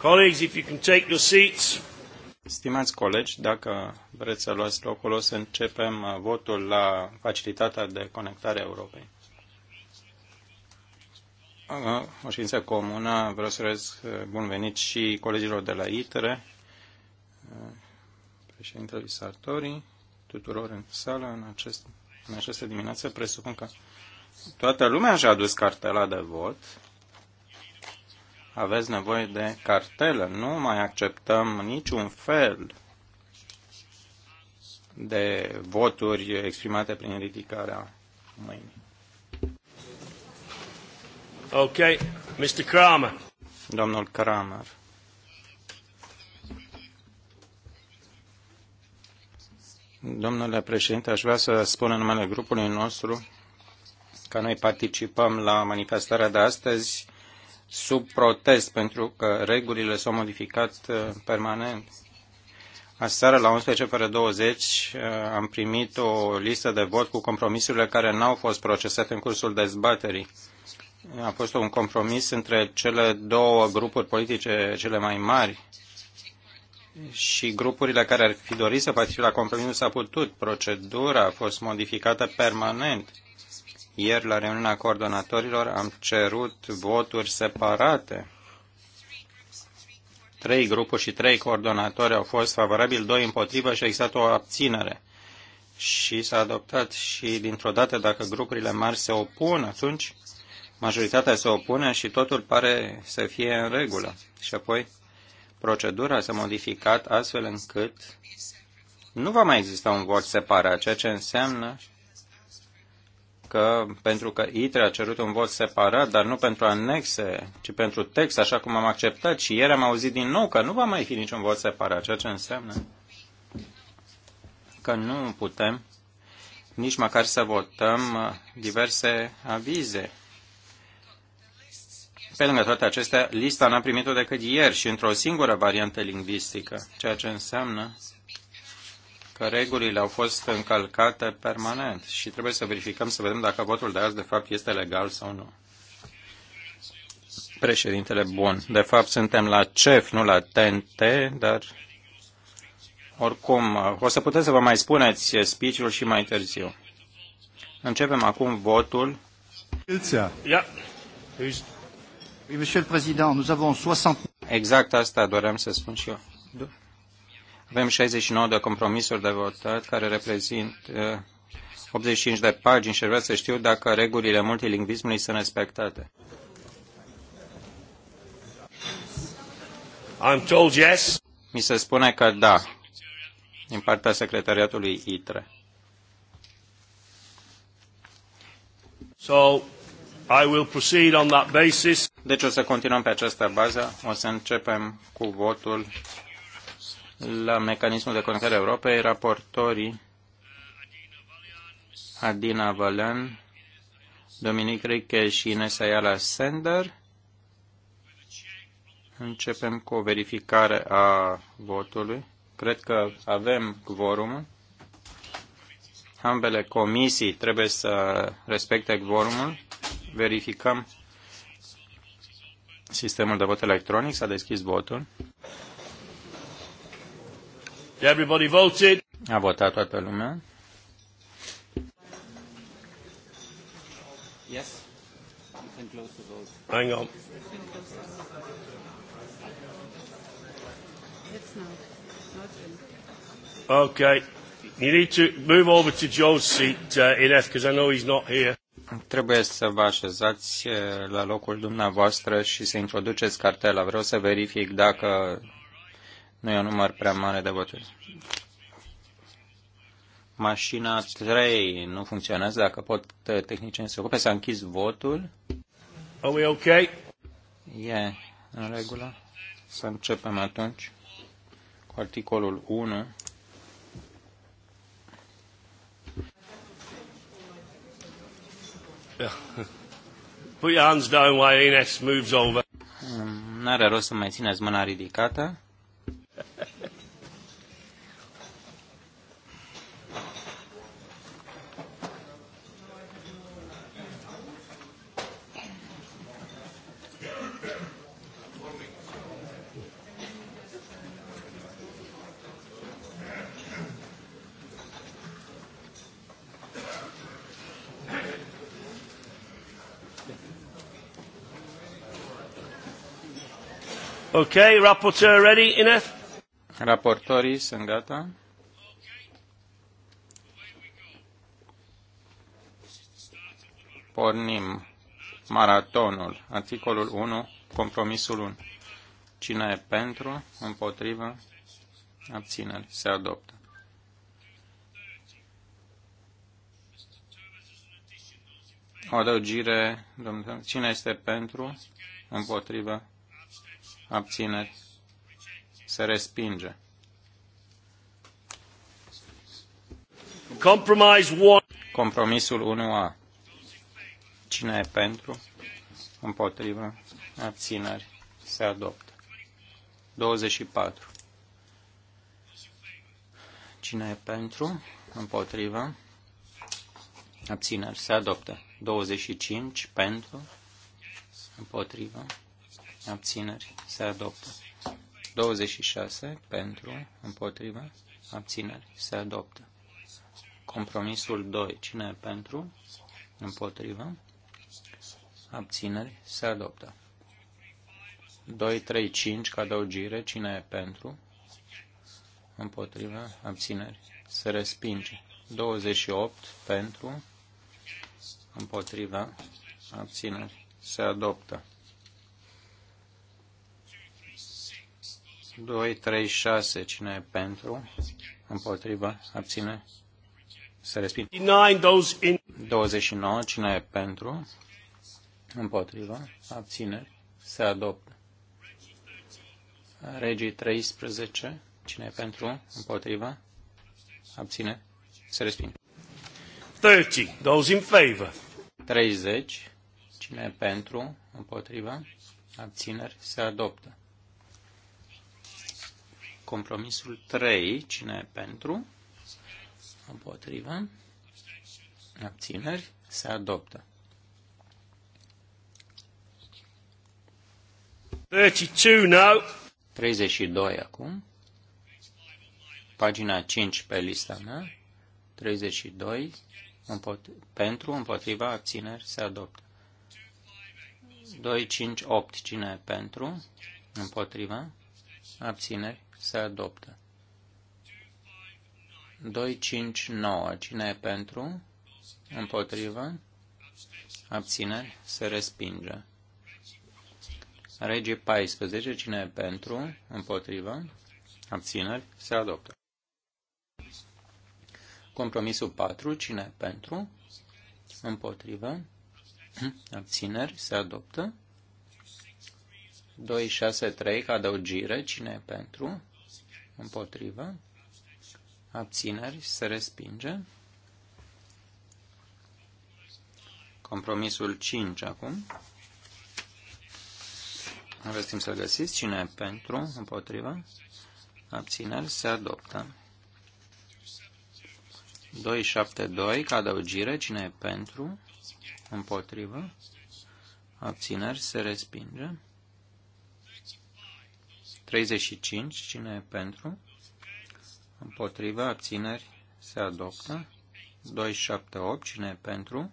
Colleagues, if you can take your seats. Stimați colegi, dacă vreți să luați locul, o să începem uh, votul la facilitatea de conectare a Europei. Uh, o ședință comună, vreau să urez uh, bun venit și colegilor de la ITRE, președintele Sartori, tuturor în sală în, acest, în această dimineață. Presupun că toată lumea și-a adus cartela de vot aveți nevoie de cartelă. Nu mai acceptăm niciun fel de voturi exprimate prin ridicarea mâinii. Ok, Mr. Kramer. Domnul Kramer. Domnule președinte, aș vrea să spun în numele grupului nostru că noi participăm la manifestarea de astăzi sub protest, pentru că regulile s-au modificat uh, permanent. Aseară la 11 fără 20 uh, am primit o listă de vot cu compromisurile care n-au fost procesate în cursul dezbaterii. A fost un compromis între cele două grupuri politice cele mai mari și grupurile care ar fi dorit să participe la compromis nu s-a putut. Procedura a fost modificată permanent ieri, la reuniunea coordonatorilor, am cerut voturi separate. Trei grupuri și trei coordonatori au fost favorabili, doi împotrivă și a existat o abținere. Și s-a adoptat și dintr-o dată, dacă grupurile mari se opun, atunci majoritatea se opune și totul pare să fie în regulă. Și apoi procedura s-a modificat astfel încât nu va mai exista un vot separat, ceea ce înseamnă că pentru că ITRE a cerut un vot separat, dar nu pentru anexe, ci pentru text, așa cum am acceptat și ieri am auzit din nou că nu va mai fi niciun vot separat, ceea ce înseamnă că nu putem nici măcar să votăm uh, diverse avize. Pe lângă toate acestea, lista n-a primit-o decât ieri și într-o singură variantă lingvistică, ceea ce înseamnă că regulile au fost încălcate permanent și trebuie să verificăm să vedem dacă votul de azi de fapt este legal sau nu. Președintele, bun. De fapt, suntem la CEF, nu la TNT, dar oricum, o să puteți să vă mai spuneți speech-ul și mai târziu. Începem acum votul. Exact asta doream să spun și eu. Da. Avem 69 de compromisuri de votat care reprezint 85 uh, de pagini și vreau să știu dacă regulile multilingvismului sunt respectate. I'm told yes. Mi se spune că da, din partea secretariatului ITRE. So, I will proceed on that basis. Deci o să continuăm pe această bază. O să începem cu votul la mecanismul de conectare a Europei, raportorii Adina Valen, Dominic Riche și Ines Ayala Sender. Începem cu o verificare a votului. Cred că avem quorumul. Ambele comisii trebuie să respecte quorumul. Verificăm sistemul de vot electronic. S-a deschis votul. Everybody voted. A votat toată lumea. Yes. You can close the vote. Hang on. It's not. Not okay. You need to move over to Joe's seat, uh, in F, because I know he's not here. Trebuie să vă așezați uh, la locul dumneavoastră și să introduceți cartela. Vreau să verific dacă nu e un număr prea mare de voturi. Mașina 3 nu funcționează, dacă pot tehnicienii să ocupe. S-a închis votul. Are we okay? E în regulă. Să începem atunci cu articolul 1. Put your hands down while Ines moves over. N-are rost să mai țineți mâna ridicată. Ok, rapporteur ready, Ineth? Raportorii sunt gata. Pornim maratonul, articolul 1, compromisul 1. Cine e pentru, împotrivă, abțineri, se adoptă. O adăugire, domnule, cine este pentru, împotrivă, abțineri, se respinge. Compromisul 1A. Cine e pentru? Împotrivă. Abțineri. Se adoptă. 24. Cine e pentru? Împotrivă. Abțineri. Se adoptă. 25. Pentru. Împotrivă abțineri, se adoptă. 26 pentru, împotriva, abțineri, se adoptă. Compromisul 2, cine e pentru, împotriva, abțineri, se adoptă. 2, 3, 5, ca adăugire, cine e pentru, împotriva, abțineri, se respinge. 28 pentru, împotriva, abțineri, se adoptă. 2, 3, 6. Cine e pentru? Împotrivă? Abține? Se respinge. 29. Cine e pentru? Împotrivă? Abține? Se adoptă. Regii 13. Cine e pentru? Împotrivă? Abține? Se respinge. 30. Those in favor. 30. Cine e pentru? Împotrivă? Abțineri? Se adoptă. Compromisul 3, cine e pentru? Împotrivă. Abțineri. Se adoptă. 32 now. 32 acum. Pagina 5 pe lista mea. 32 împot- pentru, împotriva, abțineri, se adoptă. 2, 5, 8. Cine e pentru? Împotriva? Abțineri? se adoptă. 2, 5, 9. Cine e pentru? Împotrivă? Abțineri? Se respinge. Regii 14. Cine e pentru? Împotrivă? Abțineri? Se adoptă. Compromisul 4. Cine e pentru? Împotrivă? Abțineri? Se adoptă. 263 ca adăugire. Cine e pentru? Împotrivă. Abțineri. Se respinge. Compromisul 5 acum. Aveți timp să găsiți. Cine e pentru? Împotrivă. Abțineri. Se adoptă. 272 ca adăugire. Cine e pentru? Împotrivă. Abțineri. Se respinge. 35. Cine e pentru? Împotriva, Abțineri. Se adoptă. 278. Cine e pentru?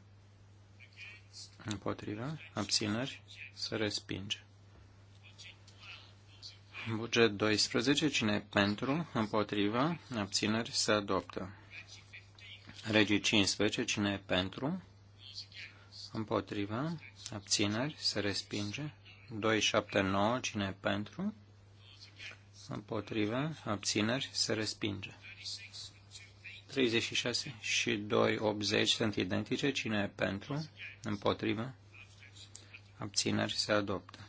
Împotriva, Abțineri. Se respinge. Buget 12. Cine e pentru? Împotriva, Abțineri. Se adoptă. Regii 15. Cine e pentru? Împotriva, Abțineri. Se respinge. 279. Cine e pentru? Împotriva împotrivă, abțineri, se respinge. 36 și 2, 80 sunt identice. Cine e pentru? Împotrivă? Abțineri se adoptă.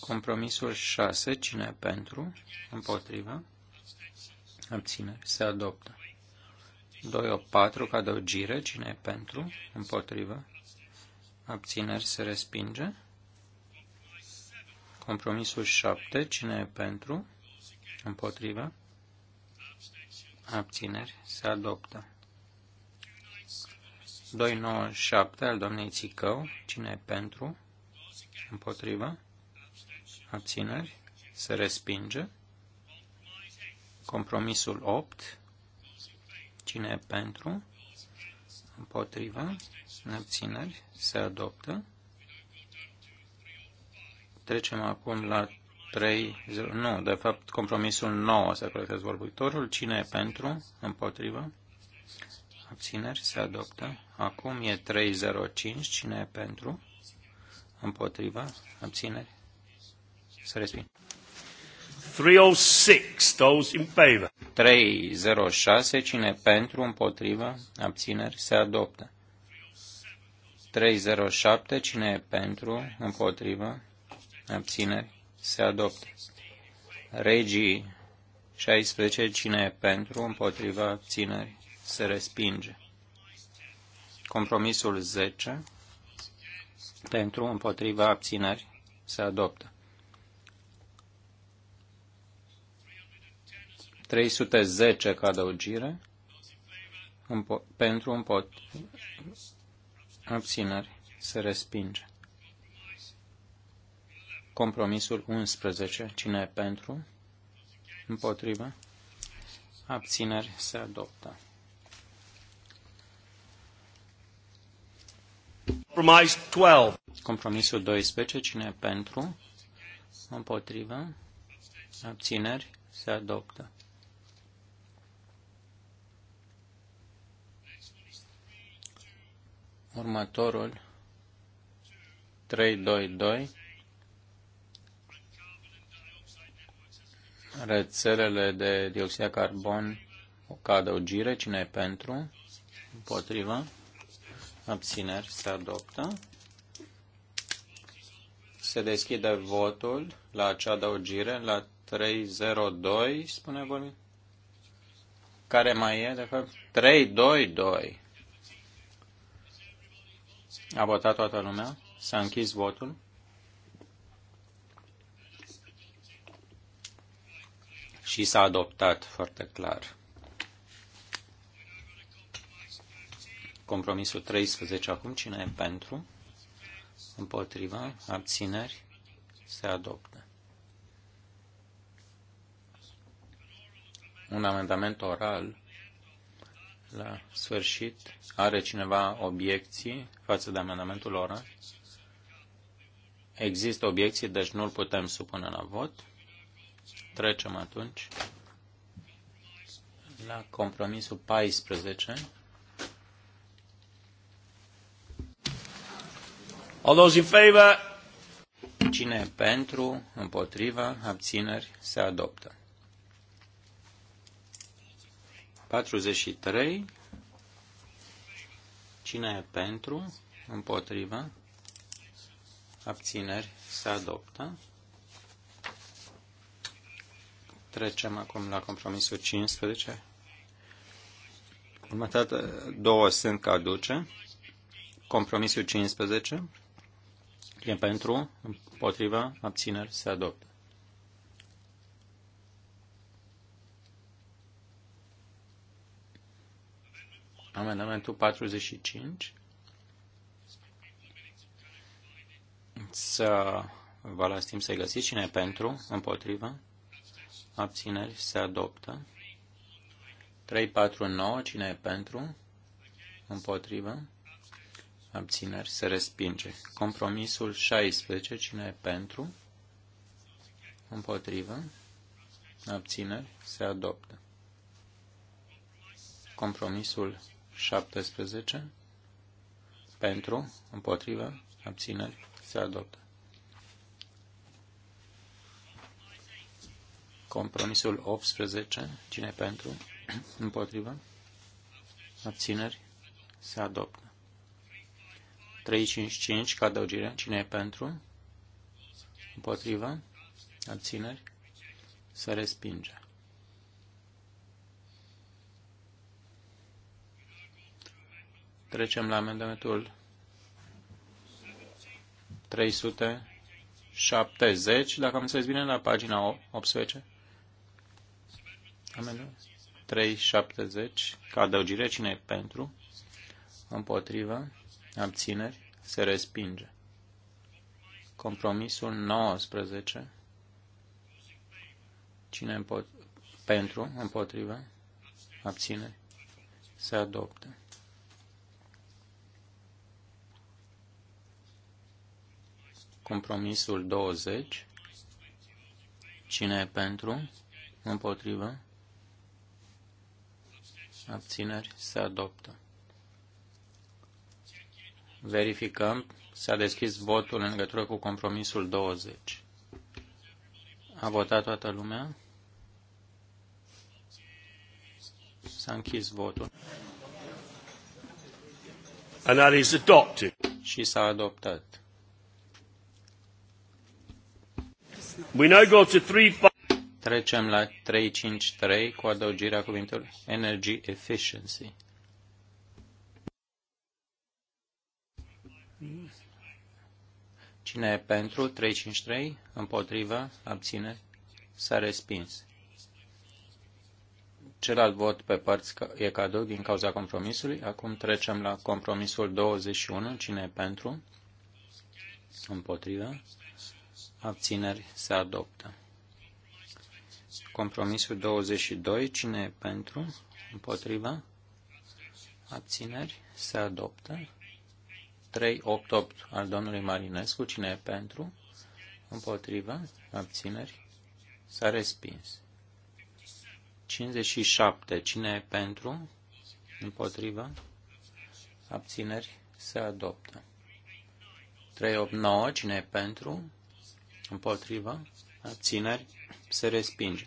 Compromisul 6. Cine e pentru? Împotrivă? Abțineri se adoptă. 2, 284 ca adăugire. Cine e pentru? Împotrivă? Abțineri se respinge. Compromisul 7. Cine e pentru? Împotrivă? Abțineri? Se adoptă. 297 al domnei Țicău. Cine e pentru? Împotrivă? Abțineri? Se respinge. Compromisul 8. Cine e pentru? Împotrivă? Abțineri? Se adoptă. Trecem acum la 3, nu, de fapt compromisul 9 să corectez vorbitorul. Cine e pentru? Împotrivă? Abțineri? Se adoptă. Acum e 305. Cine e pentru? Împotrivă? Abțineri? Să respinge. 306, those in favor. 306, cine pentru, împotrivă, abțineri, se adoptă. 307, cine e pentru, împotrivă, abțineri, se adoptă. Regii 16, cine e pentru, împotriva, abțineri, se respinge. Compromisul 10, pentru, împotriva, abțineri, se adoptă. 310 ca adăugire, împo- pentru, împotriva, abțineri, se respinge. Compromisul 11. Cine e pentru? Împotrivă? Abțineri se adoptă. Compromisul 12. Cine e pentru? Împotrivă? Abțineri se adoptă. Următorul 3-2-2 rețelele de dioxid de carbon o gire cine e pentru, împotriva, abțineri, se adoptă. Se deschide votul la acea adăugire, la 302, spune voi. Care mai e, de fapt? 322. A votat toată lumea? S-a închis votul? și s-a adoptat foarte clar. Compromisul 13 acum, cine e pentru? Împotriva, abțineri, se adoptă. Un amendament oral la sfârșit. Are cineva obiecții față de amendamentul oral? Există obiecții, deci nu-l putem supune la vot. Trecem atunci la compromisul 14. All those in favor? Cine e pentru, împotriva, abțineri, se adoptă. 43. Cine e pentru, împotriva, abțineri, se adoptă. Trecem acum la compromisul 15. Următoarele două sunt caduce. Compromisul 15. E pentru, împotriva, abțineri, se adoptă. Amendamentul 45. Să vă las timp să-i găsiți cine pentru, împotriva, abțineri, se adoptă. 3, 4, 9, cine e pentru, împotrivă, abțineri, se respinge. Compromisul 16, cine e pentru, împotrivă, abțineri, se adoptă. Compromisul 17, pentru, împotrivă, abțineri, se adoptă. Compromisul 18. Cine pentru? Împotrivă? Abțineri? Se adoptă. 355 ca adăugire. Cine e pentru? Împotrivă? Abțineri? Se respinge. Trecem la amendamentul 370, dacă am înțeles bine, la pagina 18. 370, ca adăugire, cine e pentru? Împotrivă, abțineri, se respinge. Compromisul 19, cine împot pentru, împotrivă, abțineri, se adoptă. Compromisul 20, cine e pentru, împotrivă, abțineri, se adoptă. Verificăm. S-a deschis votul în legătură cu compromisul 20. A votat toată lumea? S-a închis votul. And that is adopted. Și s-a adoptat. We now go to three... Trecem la 353 cu adăugirea cuvintelor Energy Efficiency. Cine e pentru? 353. Împotrivă? Abține? S-a respins. Celălalt vot pe părți e cadou din cauza compromisului. Acum trecem la compromisul 21. Cine e pentru? Împotrivă? Abțineri? Se adoptă. Compromisul 22. Cine e pentru? Împotriva? Abțineri? Se adoptă. 388 al domnului Marinescu. Cine e pentru? Împotriva? Abțineri? S-a respins. 57. Cine e pentru? Împotriva? Abțineri? Se adoptă. 389. Cine e pentru? Împotriva? Abțineri? Se respinge.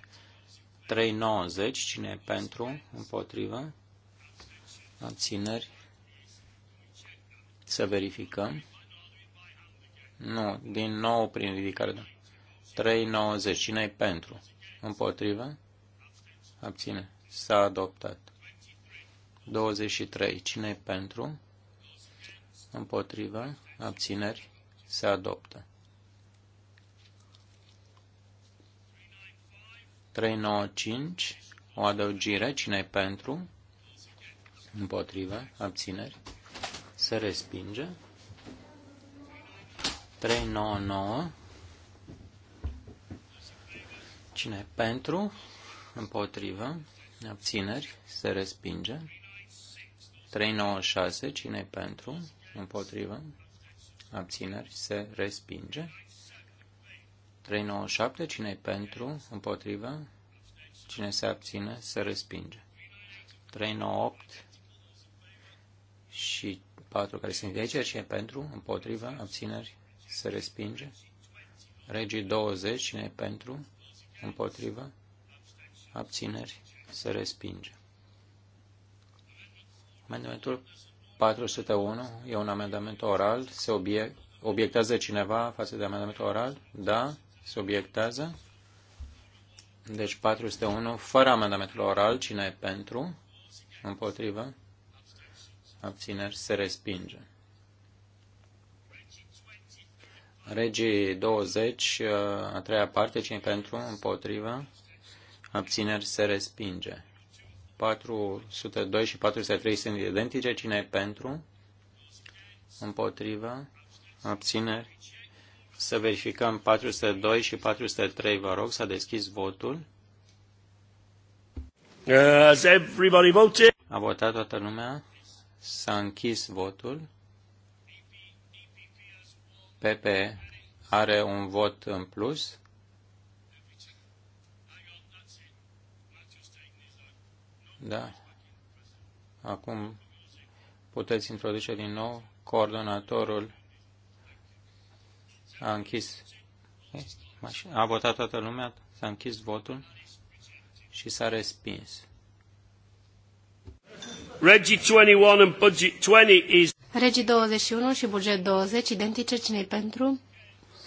390. Cine e pentru? Împotrivă? Abțineri? Să verificăm. Nu, din nou prin ridicare. 390. Da. Cine e pentru? Împotrivă? Abține. S-a adoptat. 23. Cine e pentru? Împotrivă? Abțineri? Se adoptă. 395, o adăugire, cine pentru, împotrivă, abțineri, se respinge. 399, cine pentru, împotrivă, abțineri, se respinge. 396, cine pentru, împotrivă, abțineri, se respinge. 397, cine e pentru, împotrivă, cine se abține, se respinge. 398 și 4 care sunt de aici, cine e pentru, împotrivă, abțineri, se respinge. Regii 20, cine e pentru, împotrivă, abțineri, se respinge. Amendamentul 401 e un amendament oral, se obie, obiectează cineva față de amendamentul oral? Da subiectează. Deci 401, fără amendamentul oral, cine e pentru, împotrivă, abțineri, se respinge. Regii 20, a treia parte, cine e pentru, împotrivă, abțineri, se respinge. 402 și 403 sunt identice, cine e pentru, împotrivă, abțineri, să verificăm 402 și 403, vă rog, s-a deschis votul. Has everybody voted? A votat toată lumea. S-a închis votul. PP are un vot în plus. Da. Acum puteți introduce din nou coordonatorul a închis. A votat toată lumea, s-a închis votul și s-a respins. Regi 21 and budget 20 is... Regi 21 și buget 20 identice cine pentru?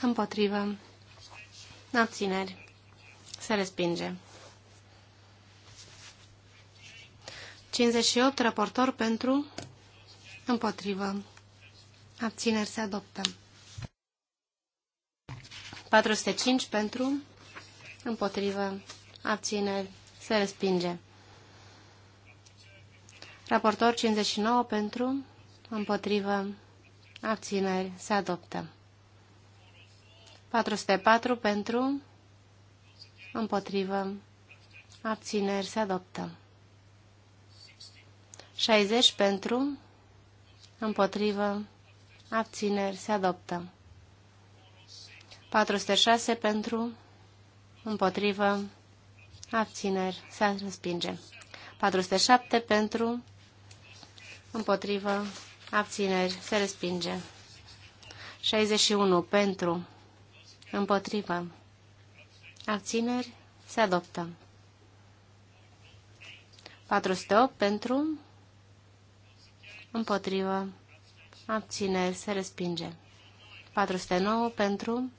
Împotrivă. Abțineri. Se respinge. 58 raportor pentru împotrivă. Abțineri se adoptă. 405 pentru, împotrivă, abțineri, se respinge. Raportor 59 pentru, împotrivă, abțineri, se adoptă. 404 pentru, împotrivă, abțineri, se adoptă. 60 pentru, împotrivă, abțineri, se adoptă. 406 pentru, împotrivă, abțineri, se respinge. 407 pentru, împotrivă, abțineri, se respinge. 61 pentru, împotrivă, abțineri, se adoptă. 408 pentru, împotrivă, abțineri, se respinge. 409 pentru,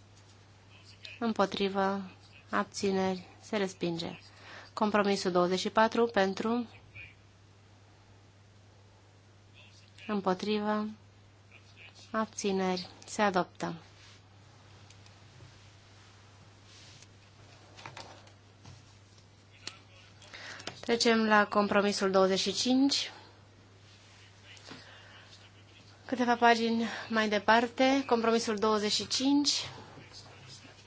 împotrivă, abțineri, se respinge. Compromisul 24 pentru, împotrivă, abțineri, se adoptă. Trecem la compromisul 25. Câteva pagini mai departe, compromisul 25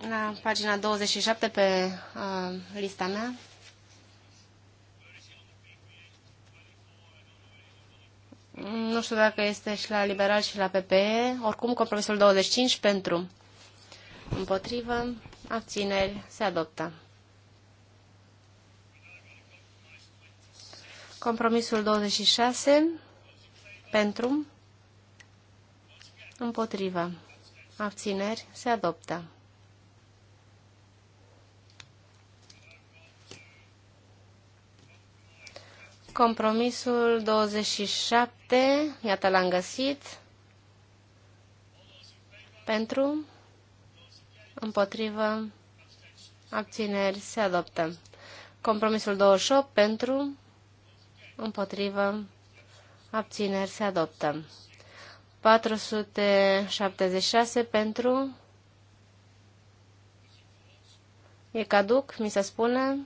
la pagina 27 pe uh, lista mea. Nu știu dacă este și la Liberal și la PPE. Oricum, compromisul 25 pentru. Împotrivă, abțineri, se adoptă. Compromisul 26 pentru. Împotrivă, abțineri, se adoptă. Compromisul 27, iată l-am găsit. Pentru, împotrivă, abțineri, se adoptă. Compromisul 28, pentru, împotrivă, abțineri, se adoptă. 476 pentru, e caduc, mi se spune,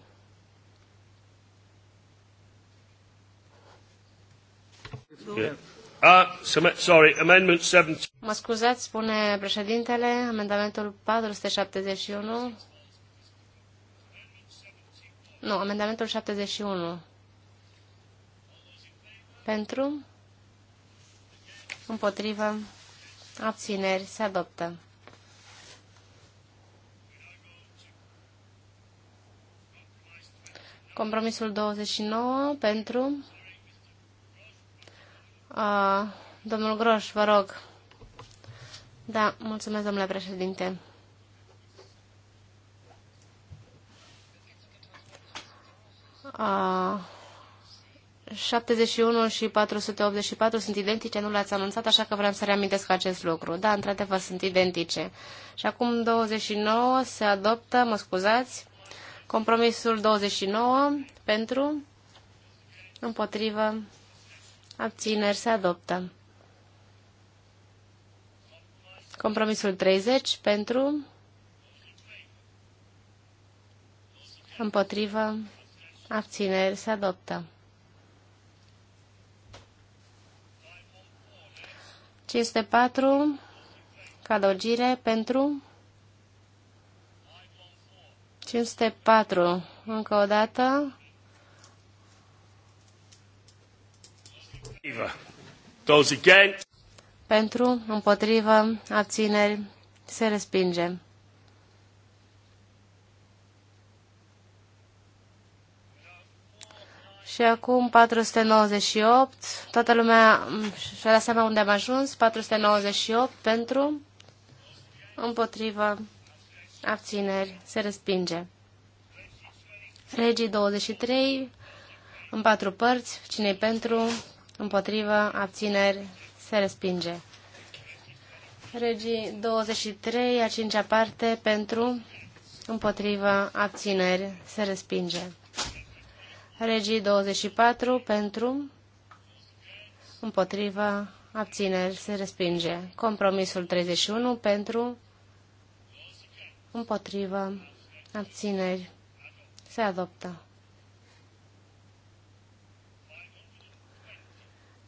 Ah, mă scuzați, spune președintele, amendamentul 471. Nu, amendamentul 71. Pentru? Împotrivă? Abțineri? Se adoptă. Compromisul 29 pentru Uh, domnul Groș, vă rog. Da, mulțumesc, domnule președinte. Uh, 71 și 484 sunt identice, nu le-ați anunțat, așa că vreau să reamintesc acest lucru. Da, într-adevăr, sunt identice. Și acum 29 se adoptă, mă scuzați, compromisul 29 pentru, împotrivă, abțineri, se adoptă. Compromisul 30 pentru, împotrivă, abțineri, se adoptă. 504, cadogire pentru 504, încă o dată, Pentru, împotrivă, abțineri, se respinge. Și acum 498, toată lumea și-a dat seama unde am ajuns, 498 pentru, împotrivă, abțineri, se respinge. Regii 23, în patru părți, cine pentru, împotrivă, abțineri, se respinge. Regii 23, a cincea parte, pentru, împotrivă, abțineri, se respinge. Regii 24, pentru, împotrivă, abțineri, se respinge. Compromisul 31, pentru, împotrivă, abțineri, se adoptă.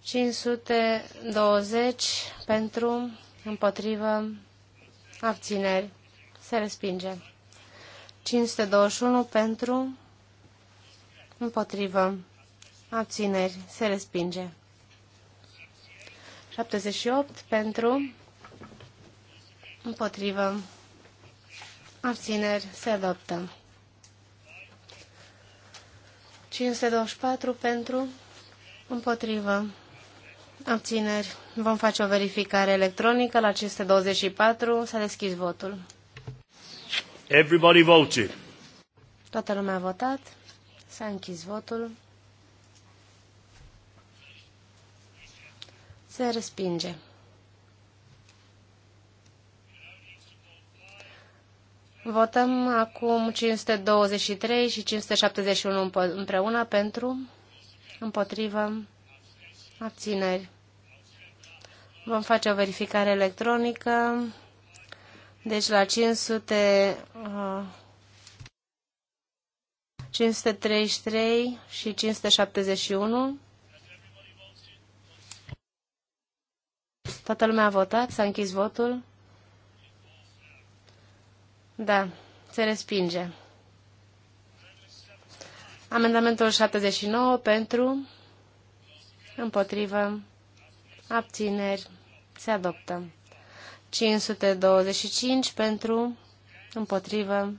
520 pentru, împotrivă, abțineri, se respinge. 521 pentru, împotrivă, abțineri, se respinge. 78 pentru, împotrivă, abțineri, se adoptă. 524 pentru, împotrivă, Abțineri. Vom face o verificare electronică la 524. S-a deschis votul. Everybody voted. Toată lumea a votat. S-a închis votul. Se respinge. Votăm acum 523 și 571 împreună pentru, împotrivă, Abțineri. Vom face o verificare electronică. Deci la 500, uh, 533 și 571. Toată lumea a votat? S-a închis votul? Da, se respinge. Amendamentul 79 pentru, împotrivă, abțineri, se adoptă. 525 pentru, împotrivă,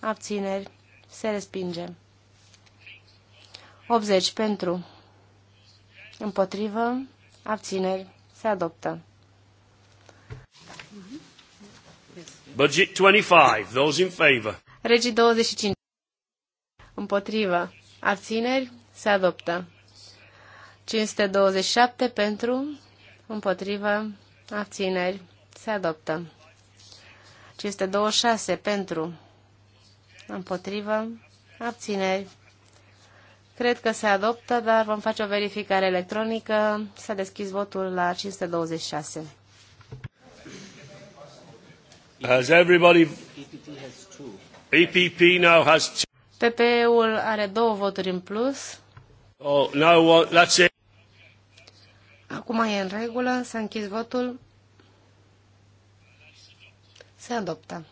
abțineri, se respinge. 80 pentru, împotrivă, abțineri, se adoptă. Budget 25, those in favor. Regi 25. Împotrivă, abțineri, se adoptă. 527 pentru, împotrivă, abțineri, se adoptă. 526 pentru, împotrivă, abțineri. Cred că se adoptă, dar vom face o verificare electronică. S-a deschis votul la 526. Has everybody... EPP now has... PP-ul are două voturi în plus. Oh, now what? That's it. Acum e în regulă, s-a închis votul. Se adoptă.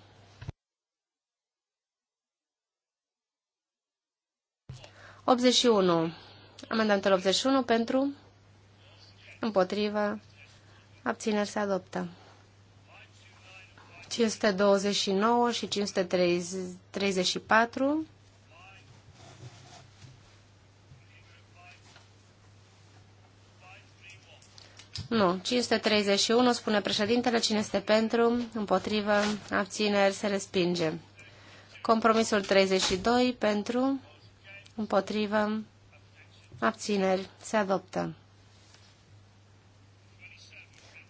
Amendamentul 81 pentru, împotrivă, abțineri se adoptă. 529 și 534 Nu. 531, spune președintele, cine este pentru, împotrivă, abțineri, se respinge. Compromisul 32, pentru, împotrivă, abțineri, se adoptă.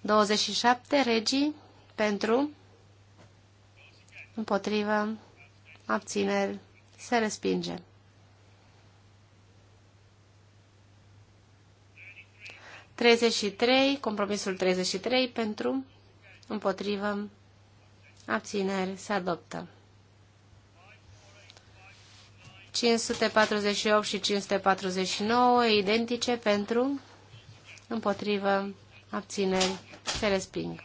27, regii, pentru, împotrivă, abțineri, se respinge. 33, compromisul 33 pentru, împotrivă, abțineri, se adoptă. 548 și 549 identice pentru, împotrivă, abțineri, se resping.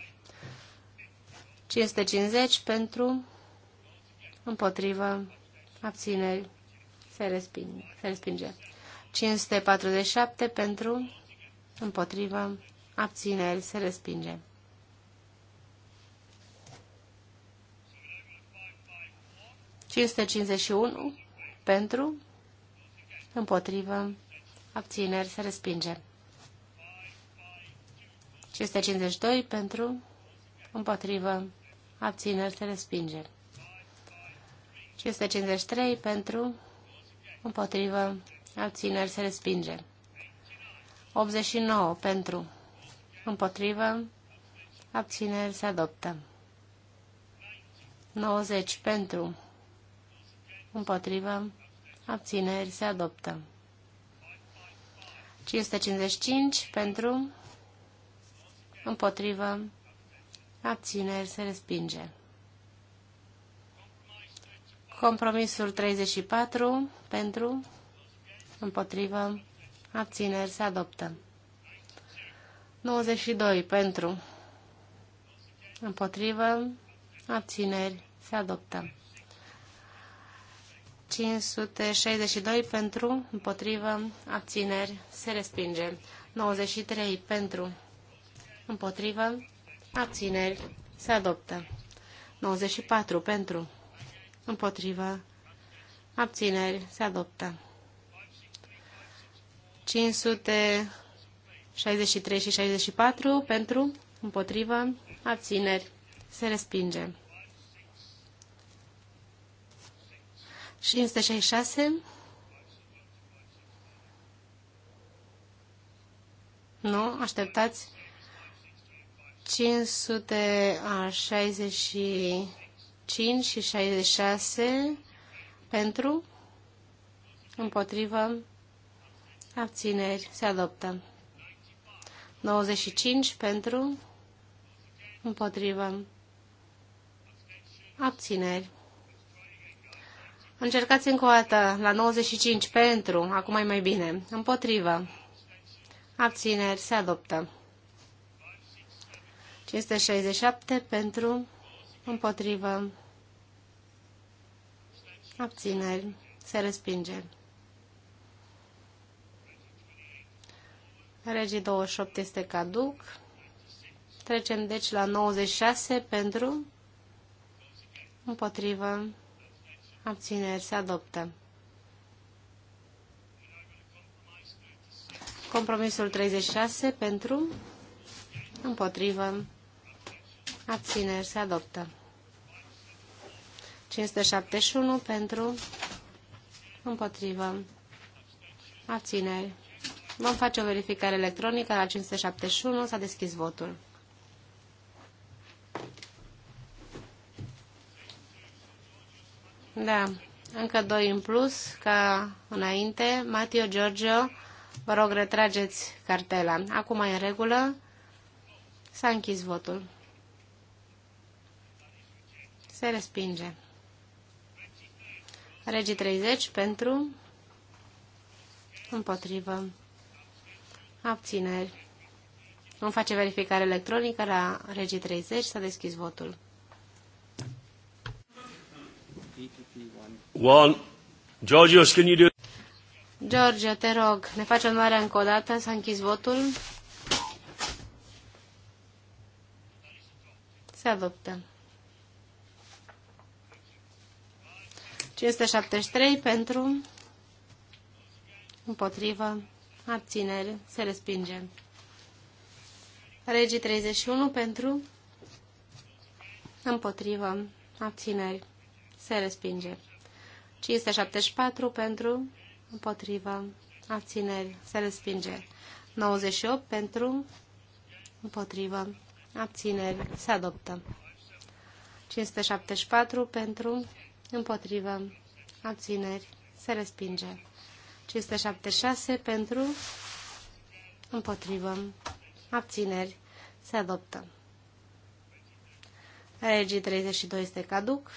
550 pentru, împotrivă, abțineri, se, resping, se respinge. 547 pentru, împotrivă, abțineri, se respinge. unu pentru, împotrivă, abțineri, se respinge. 552 pentru, împotrivă, abțineri, se respinge. 553 pentru, împotrivă, abțineri, se respinge. 89 pentru, împotrivă, abțineri se adoptă. 90 pentru, împotrivă, abțineri se adoptă. 555 pentru, împotrivă, abțineri se respinge. Compromisul 34 pentru, împotrivă, Abțineri se adoptă. 92 pentru. Împotrivă. Abțineri se adoptă. 562 pentru. Împotrivă. Abțineri se respinge. 93 pentru. Împotrivă. Abțineri se adoptă. 94 pentru. Împotrivă. Abțineri se adoptă. 563 și 64 pentru, împotrivă, abțineri, se respinge. 566 Nu, așteptați 565 și 66 pentru, împotrivă, Abțineri. Se adoptă. 95 pentru. Împotrivă. Abțineri. Încercați încă o dată la 95 pentru. Acum e mai bine. Împotrivă. Abțineri. Se adoptă. 567 pentru. Împotrivă. Abțineri. Se respinge. Regii 28 este caduc. Trecem deci la 96 pentru împotrivă abțineri se adoptă. Compromisul 36 pentru împotrivă abțineri se adoptă. 571 pentru împotrivă abțineri Vom face o verificare electronică la 571. S-a deschis votul. Da, încă doi în plus, ca înainte. Matio, Giorgio, vă rog, retrageți cartela. Acum e în regulă. S-a închis votul. Se respinge. Regii 30 pentru împotrivă abțineri. Vom face verificare electronică la regii 30, s-a deschis votul. One. Georgios, can you do... George, te rog, ne faci onoarea încă o dată, s-a închis votul. Se adoptă. 573 pentru, împotrivă, abțineri, se respinge. Regii 31 pentru, împotrivă, abțineri, se respinge. 574 pentru, împotrivă, abțineri, se respinge. 98 pentru, împotrivă, abțineri, se adoptă. 574 pentru, împotrivă, abțineri, se respinge. 576 pentru, împotrivă, abțineri, se adoptă. Regii 32 este caduc.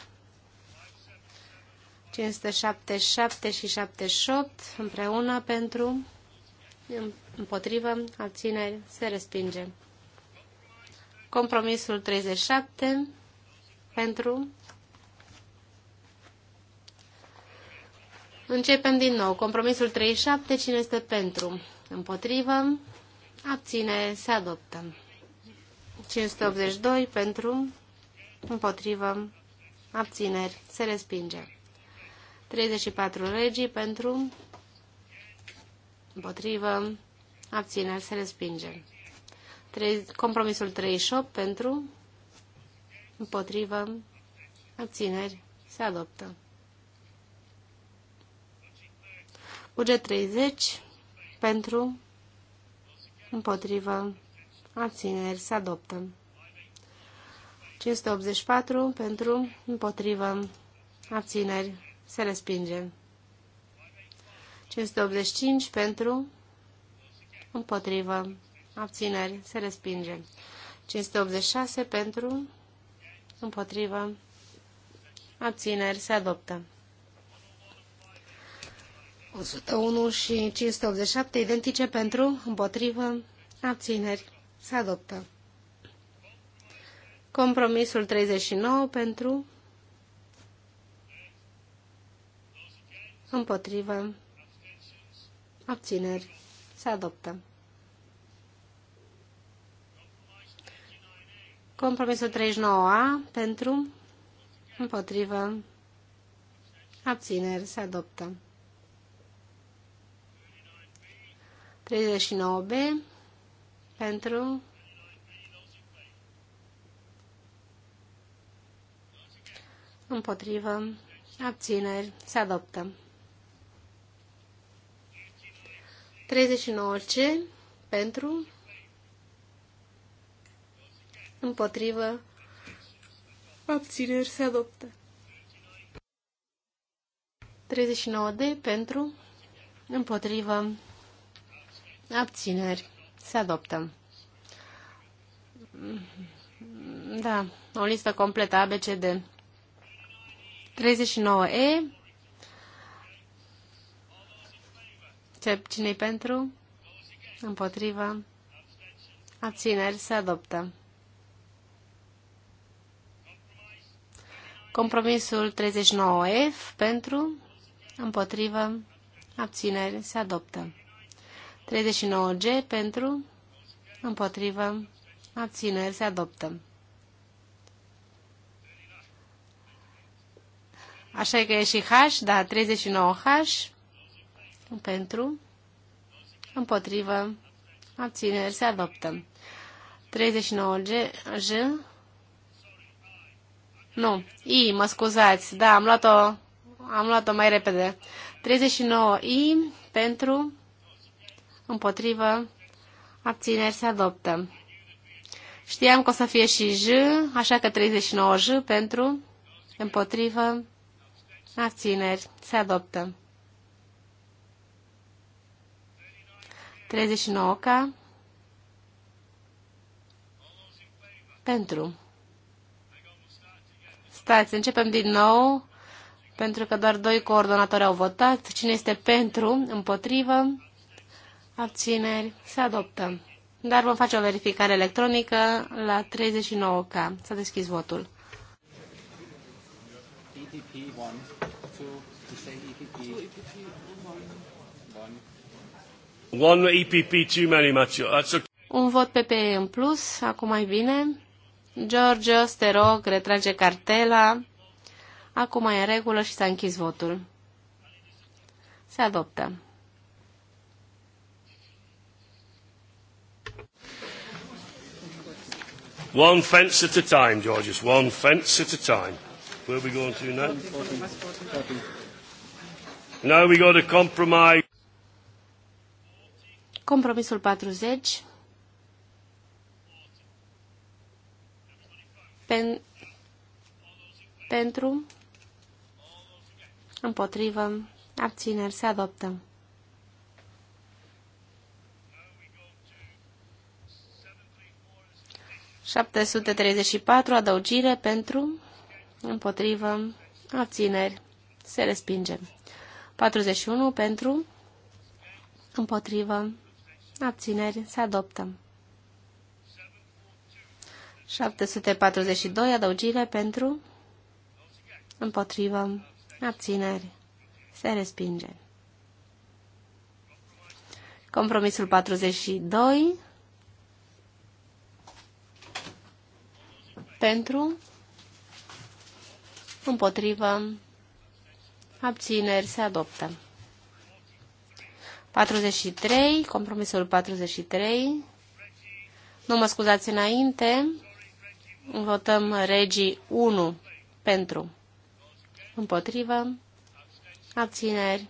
577 și 78 împreună pentru, împotrivă, abțineri, se respinge. Compromisul 37 pentru, Începem din nou. Compromisul 37, cine este pentru? Împotrivă. Abține, se adoptă. 582 pentru, împotrivă, abțineri, se respinge. 34 regii pentru, împotrivă, abțineri, se respinge. 3, compromisul 38 pentru, împotrivă, abțineri, se adoptă. Buget 30 pentru, împotrivă, abțineri, se adoptă. 584 pentru, împotrivă, abțineri, se respinge. 585 pentru, împotrivă, abțineri, se respinge. 586 pentru, împotrivă, abțineri, se adoptă. 101 și 587 identice pentru, împotrivă, abțineri. Se adoptă. Compromisul 39 pentru, împotrivă, abțineri. Se adoptă. Compromisul 39A pentru, împotrivă, abțineri. Se adoptă. 39B pentru împotrivă abțineri se adoptă. 39C pentru împotrivă abțineri se adoptă. 39D pentru împotrivă Abțineri. Se adoptă. Da, o listă completă ABCD. 39E. Ce, cine-i pentru? Împotriva. Abțineri. Se adoptă. Compromisul 39F pentru, împotrivă, abțineri, se adoptă. 39G pentru, împotrivă, abțineri se adoptă. Așa că e și H, da, 39H pentru, împotrivă, abțineri se adoptă. 39G, J, nu, I, mă scuzați, da, am luat-o am luat-o mai repede. 39i pentru, împotrivă, abțineri se adoptă. Știam că o să fie și J, așa că 39 J pentru, împotrivă, abțineri se adoptă. 39 K pentru. Stați, începem din nou, pentru că doar doi coordonatori au votat. Cine este pentru, împotrivă, abțineri, se adoptă. Dar vom face o verificare electronică la 39K. S-a deschis votul. One EPP too many, That's okay. Un vot PP în plus, acum mai bine. Georgios, te rog, retrage cartela. Acum e în regulă și s-a închis votul. Se adoptă. One fence at a time, Georges, one fence at a time. Where are we going to now? 14. 14. Now we go to compromise. Compromisul 40. Pen, pentru, împotrivă, abțineri, se adoptă. 734, adăugire pentru, împotrivă, abțineri, se respinge. 41 pentru, împotrivă, abțineri, se adoptă. 742, adăugire pentru, împotrivă, abțineri, se respinge. Compromisul 42, pentru, împotrivă, abțineri, se adoptă. 43, compromisul 43, nu mă scuzați înainte, votăm regii 1 pentru, împotrivă, abțineri.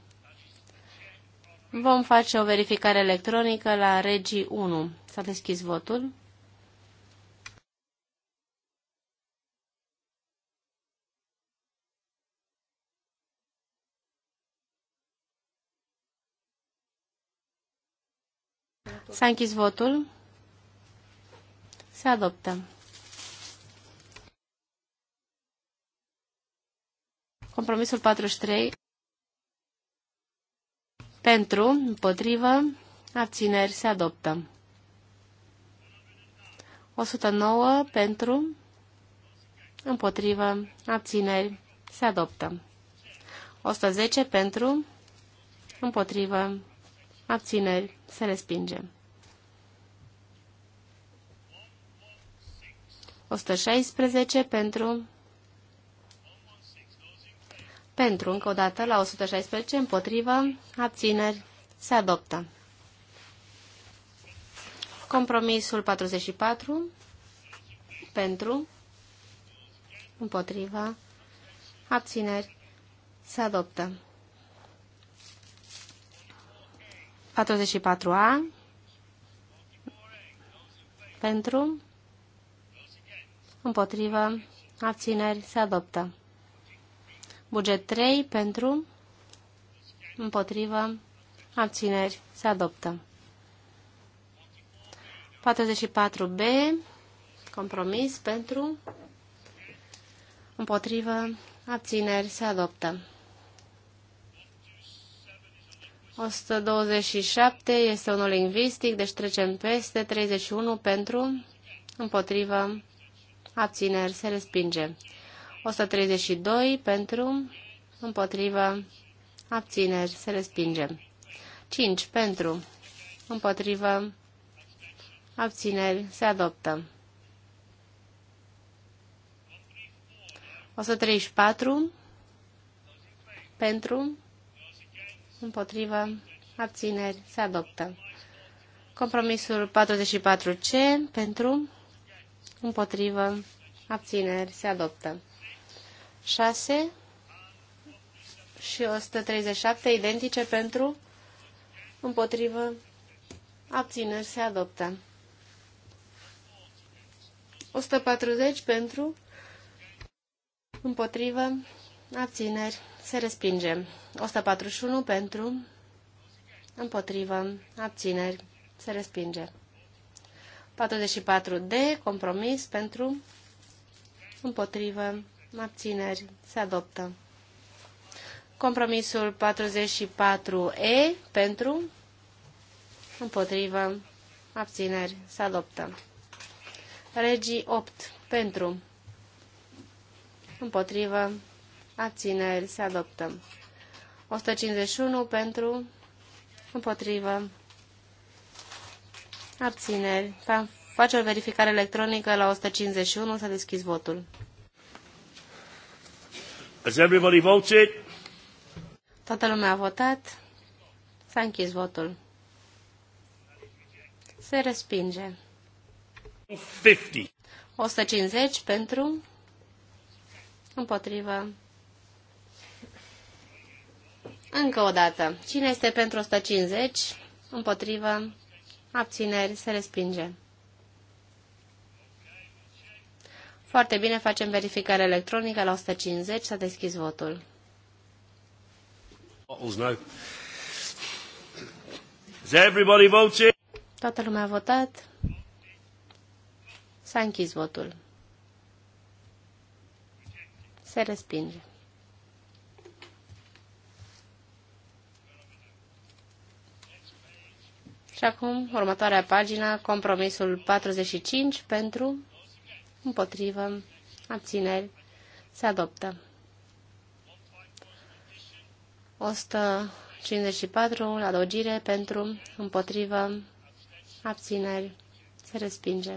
Vom face o verificare electronică la regii 1. S-a deschis votul. S-a închis votul. Se adoptă. Compromisul 43. Pentru, împotrivă, abțineri, se adoptă. 109 pentru, împotrivă, abțineri, se adoptă. 110 pentru, împotrivă, abțineri, se respinge. 116 pentru pentru, încă o dată, la 116, împotrivă, abțineri, se adoptă. Compromisul 44, pentru, împotriva abțineri, se adoptă. 44A, pentru, împotrivă, abțineri, se adoptă. Buget 3 pentru, împotrivă, abțineri, se adoptă. 44B, compromis pentru, împotrivă, abțineri, se adoptă. 127 este unul lingvistic, deci trecem peste 31 pentru, împotrivă, abțineri, se respinge. 132 pentru, împotrivă, abțineri, se respinge. 5 pentru, împotrivă, abțineri, se adoptă. 134 pentru, împotrivă, abțineri, se adoptă. Compromisul 44C pentru, împotrivă, abțineri, se adoptă. 6 și 137 identice pentru, împotrivă, abțineri, se adoptă. 140 pentru, împotrivă, abțineri, se respinge. 141 pentru, împotrivă, abțineri, se respinge. 44D, compromis pentru, împotrivă, abțineri, se adoptă. Compromisul 44E, pentru, împotrivă, abțineri, se adoptă. Regii 8, pentru, împotrivă, abțineri, se adoptă. 151 pentru, împotrivă, Abțineri. Face o verificare electronică la 151. S-a deschis votul. Has everybody voted? Toată lumea a votat. S-a închis votul. Se respinge. 50. 150 pentru. Împotrivă. Încă o dată. Cine este pentru 150? Împotrivă abțineri, se respinge. Foarte bine, facem verificare electronică la 150, s-a deschis votul. Toată lumea a votat. S-a închis votul. Se respinge. Și acum, următoarea pagină, compromisul 45 pentru, împotrivă, abțineri, se adoptă. 154, adăugire pentru, împotrivă, abțineri, se respinge.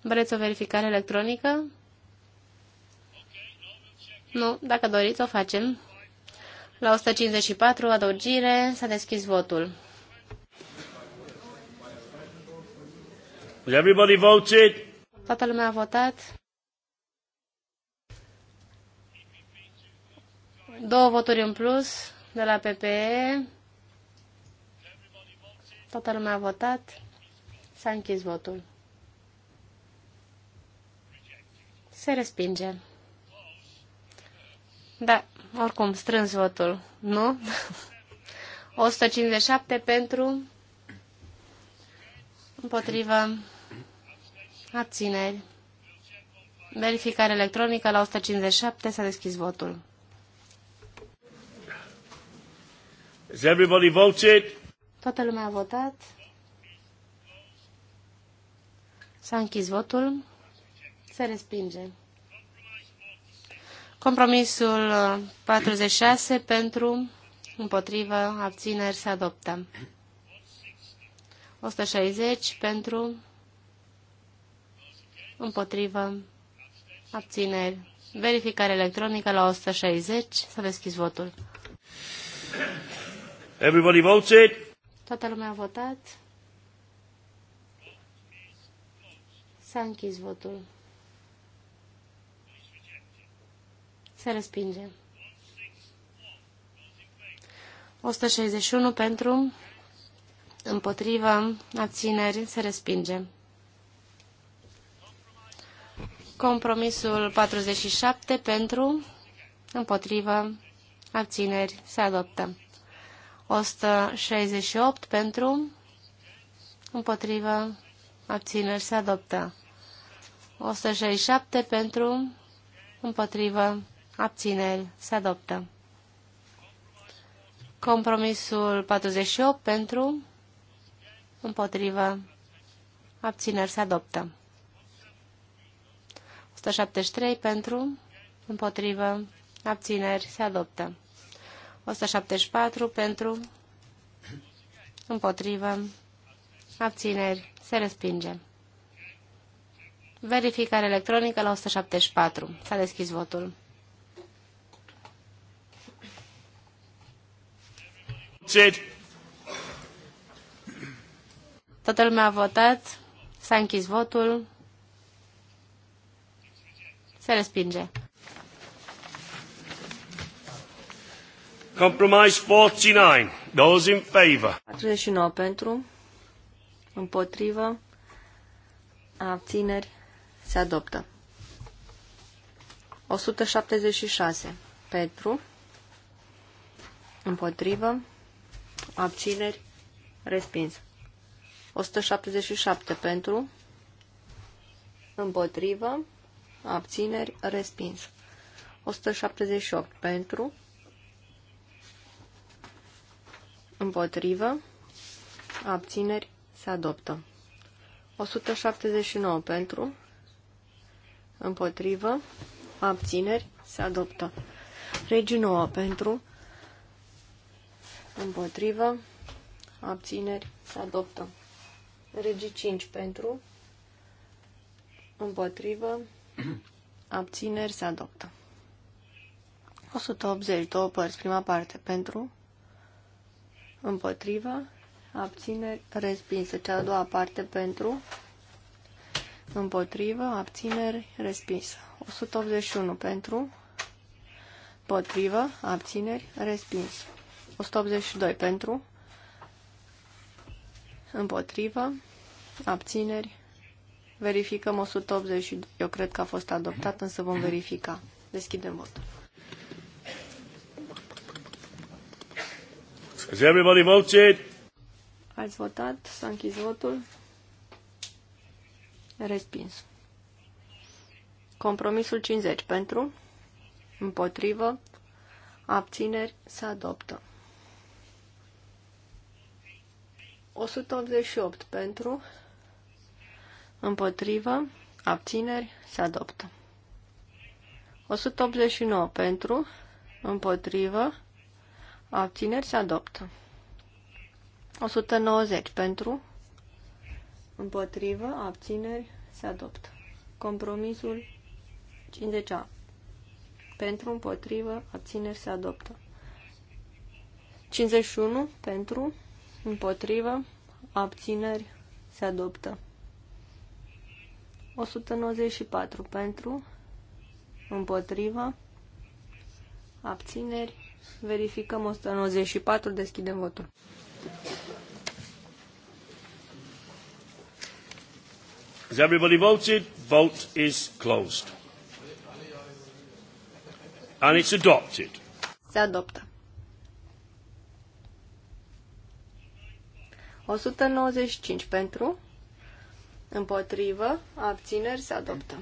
Vreți o verificare electronică? Nu, dacă doriți, o facem. La 154, adăugire, s-a deschis votul. Has everybody voted? Toată lumea a votat. Două voturi în plus de la PPE. Toată lumea a votat. S-a închis votul. Se respinge. Da, oricum, strâns votul, nu? 157 pentru, împotrivă, abțineri. Verificare electronică la 157 s-a deschis votul. Has everybody voted? Toată lumea a votat. S-a închis votul. Se respinge. Compromisul 46 uh, pentru, împotrivă, abțineri se adoptă. 160 pentru, împotrivă, abțineri. Verificare electronică la 160. Să deschis votul. Everybody voted. Toată lumea a votat. S-a închis votul. Se respinge. 161 pentru, împotriva, abțineri, se respinge. Compromisul 47 pentru, împotriva, abțineri, se adoptă. 168 pentru, împotriva, abțineri, se adoptă. 167 pentru, împotriva, abțineri, se adoptă. Compromisul 48 pentru, împotrivă, abțineri, se adoptă. 173 pentru, împotrivă, abțineri, se adoptă. 174 pentru, împotrivă, abțineri, se respinge. Verificare electronică la 174. S-a deschis votul. Adopted. Toată lumea a votat. S-a închis votul. Se respinge. Compromise 49. Those in favor. 49 pentru. Împotrivă. Abțineri. Se adoptă. 176 pentru. Împotrivă abțineri, respins. 177 pentru, împotrivă, abțineri, respins. 178 pentru, împotrivă, abțineri, se adoptă. 179 pentru, împotrivă, abțineri, se adoptă. Regi 9 pentru, Împotrivă. Abțineri. Se adoptă. Regi 5 pentru. Împotrivă. Abțineri. Se adoptă. 180. Două părți. Prima parte. Pentru. Împotrivă. Abțineri. Respinsă. Cea a doua parte. Pentru. Împotrivă. Abțineri. Respinsă. 181 pentru. Împotrivă. Abțineri. Respins. 182 pentru, împotrivă, abțineri. Verificăm 182. Eu cred că a fost adoptat, însă vom verifica. Deschidem votul. Has everybody voted? Ați votat, s-a închis votul. Respins. Compromisul 50 pentru, împotrivă, abțineri, se adoptă. 188 pentru, împotrivă, abțineri, se adoptă. 189 pentru, împotrivă, abțineri, se adoptă. 190 pentru, împotrivă, abțineri, se adoptă. Compromisul 50A. Pentru, împotrivă, abțineri, se adoptă. 51 pentru, Împotrivă. Abțineri. Se adoptă. 194 pentru. Împotrivă. Abțineri. Verificăm 194. Deschidem votul. Has everybody voted? Vote is closed. And it's adopted. Se adoptă. 195 pentru, împotrivă, abțineri, se adoptă.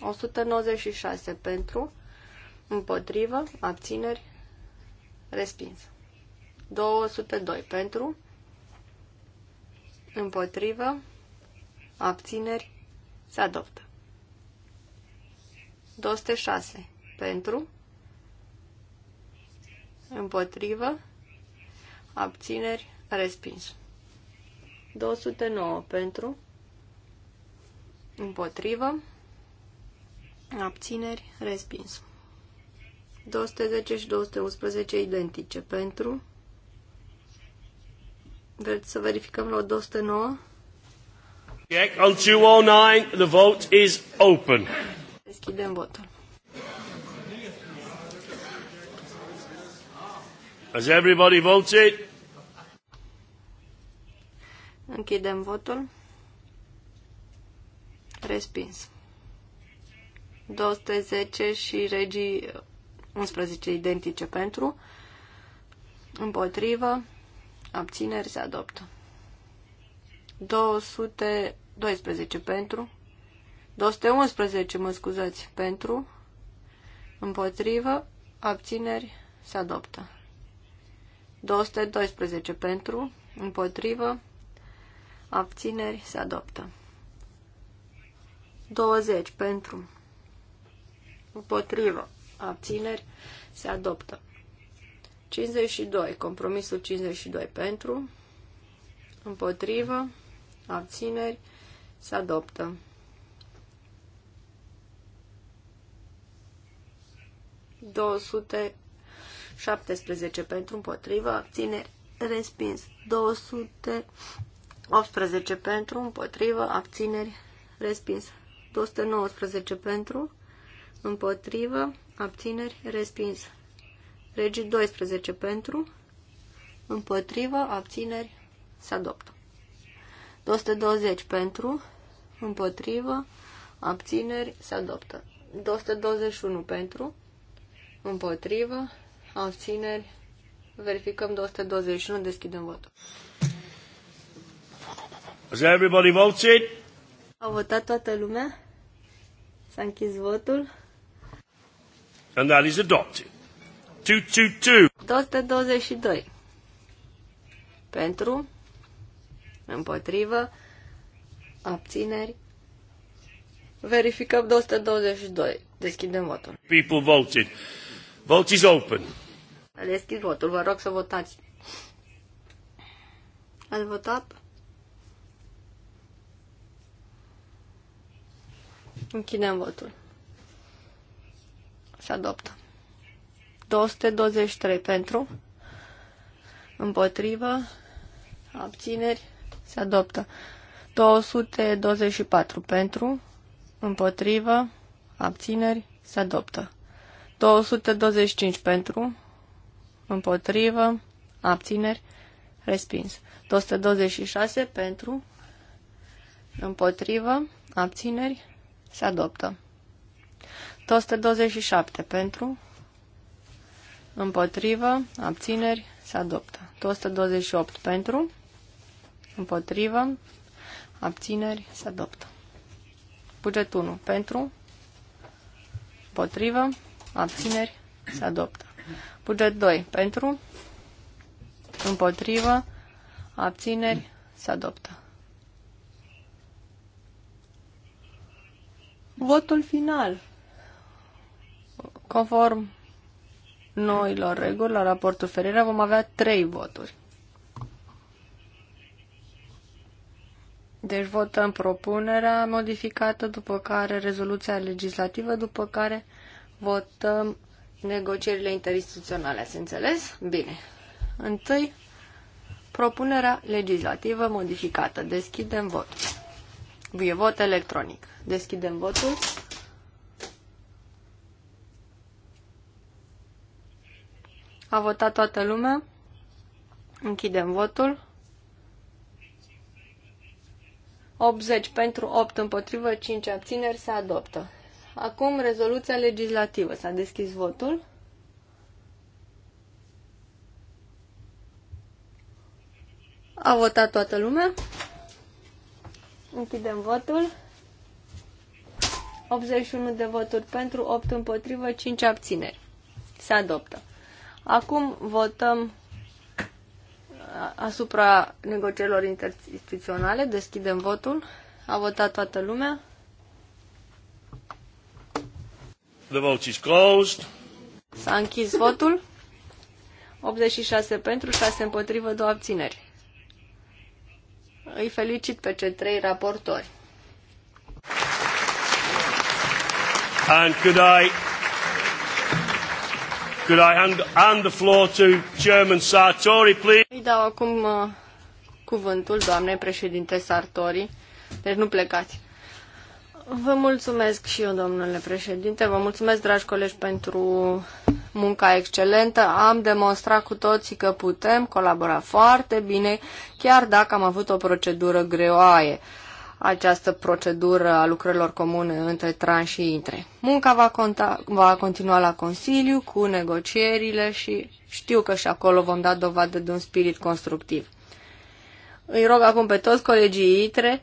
196 pentru, împotrivă, abțineri, respins. 202 pentru, împotrivă, abțineri, se adoptă. 206 pentru, împotrivă, abțineri, respins. 209 pentru, împotrivă, abțineri, respins. 210 și 211 identice pentru. Vreți să verificăm la 209? Check on 209, the vote is open. Deschidem votul. Has everybody voted? Închidem votul. Respins. 210 și regii 11 identice pentru. Împotrivă. Abțineri se adoptă. 212 pentru. 211, mă scuzați, pentru. Împotrivă. Abțineri se adoptă. 212 pentru. Împotrivă. Abțineri se adoptă. 20 pentru. Împotrivă. Abțineri se adoptă. 52. Compromisul 52 pentru. Împotrivă. Abțineri se adoptă. 217 pentru împotrivă, abțineri respins. 200 18 pentru, împotrivă, abțineri, respins. 219 pentru, împotrivă, abțineri, respins. Regii 12 pentru, împotrivă, abțineri, se adoptă. 220 pentru, împotrivă, abțineri, se adoptă. 221 pentru, împotrivă, abțineri, verificăm 221, deschidem votul. Has everybody voted? A votat toată lumea? S-a închis votul. And that is adopted. 222. 222. Pentru, împotrivă, abțineri. Verificăm 222. Deschidem votul. People voted. Vote is open. Deschid votul. Vă rog să votați. Ați votat? Închidem votul. Se adoptă. 223 pentru. Împotrivă. Abțineri. Se adoptă. 224 pentru. Împotrivă. Abțineri. Se adoptă. 225 pentru. Împotrivă. Abțineri. Respins. 226 pentru. Împotrivă. Abțineri. Se adoptă. 27 pentru, împotrivă, abțineri, se adoptă. 28 pentru, împotrivă, abțineri, se adoptă. Buget 1 pentru, împotrivă, abțineri, se adoptă. Buget 2 pentru, împotrivă, abțineri, se adoptă. Votul final, conform noilor reguli la raportul Ferreira, vom avea trei voturi. Deci votăm propunerea modificată, după care rezoluția legislativă, după care votăm negocierile interinstituționale. Ați înțeles? Bine. Întâi, propunerea legislativă modificată. Deschidem votul. E vot electronic. Deschidem votul. A votat toată lumea. Închidem votul. 80 pentru, 8 împotrivă, 5 abțineri se adoptă. Acum rezoluția legislativă. S-a deschis votul. A votat toată lumea. Închidem votul. 81 de voturi pentru, 8 împotrivă, 5 abțineri. Se adoptă. Acum votăm asupra negocierilor interinstituționale. Deschidem votul. A votat toată lumea. The vote is closed. S-a închis votul. 86 pentru, 6 împotrivă, 2 abțineri îi felicit pe cei trei raportori. And could I could I hand, hand the floor to Chairman Sartori, please? Îi dau acum uh, cuvântul doamnei președinte Sartori. Deci nu plecați. Vă mulțumesc și eu, domnule președinte. Vă mulțumesc, dragi colegi, pentru munca excelentă, am demonstrat cu toții că putem colabora foarte bine, chiar dacă am avut o procedură greoaie această procedură a lucrărilor comune între tran și intre. Munca va, conta, va continua la Consiliu cu negocierile și știu că și acolo vom da dovadă de un spirit constructiv. Îi rog acum pe toți colegii ITRE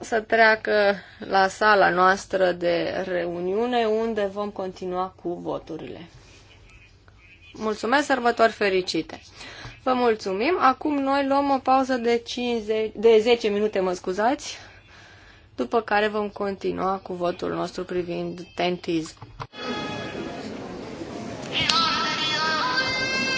să treacă la sala noastră de reuniune unde vom continua cu voturile. Mulțumesc, sărbători fericite! Vă mulțumim. Acum noi luăm o pauză de, 50, de 10 minute, mă scuzați, după care vom continua cu votul nostru privind tentism. Hey,